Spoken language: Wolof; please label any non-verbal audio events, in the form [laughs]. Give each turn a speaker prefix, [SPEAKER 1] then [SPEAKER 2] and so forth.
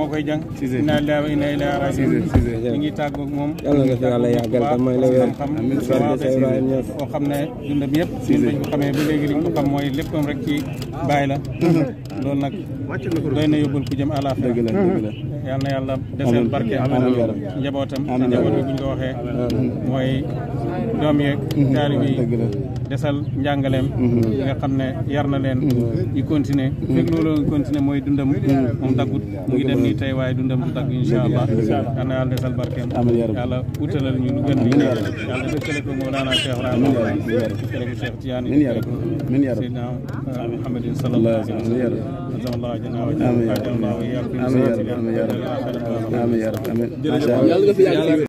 [SPEAKER 1] moo koy jàng. inna lillahi wa inna ilayhi raaji'uun. ñu ngi tàggoog moom. yàlla na fi yàlla yàggal la wér. amiin
[SPEAKER 2] koo xam ne dundam yëpp. ñun dañ ko ba léegi li ñu ko xam mooy léppam rek ci bàyyi la. [laughs] loolu nag doy na yóbbul ku jëm àllaaxira. dëgg la dëgg la. [laughs] yal na yàlla deseel barke. amiin njabootam. amiin njabootam te njaboot bi bu ñu ko waxee mooy. doom yeeg taalibe yi desal njàngaleem nga xam ne yar na leen ñu continuer fekk loolu nga continuer mooy dundam moom daggut mu ngi dem nii tey waaye dundam du dagg insha allah yal na yàlla desal barkeem yàlla utalal ñu lu gën ñu yàlla dëkkale ko Mawlana Cheikh Rahma dëkkale ko Cheikh Tidiane dëkkale ko Seydina Muhammadin sallallahu alayhi wa sallam azamllah jana wa jana ajalla wa iyyakum amin ya rabbal alamin amin ya rabbal alamin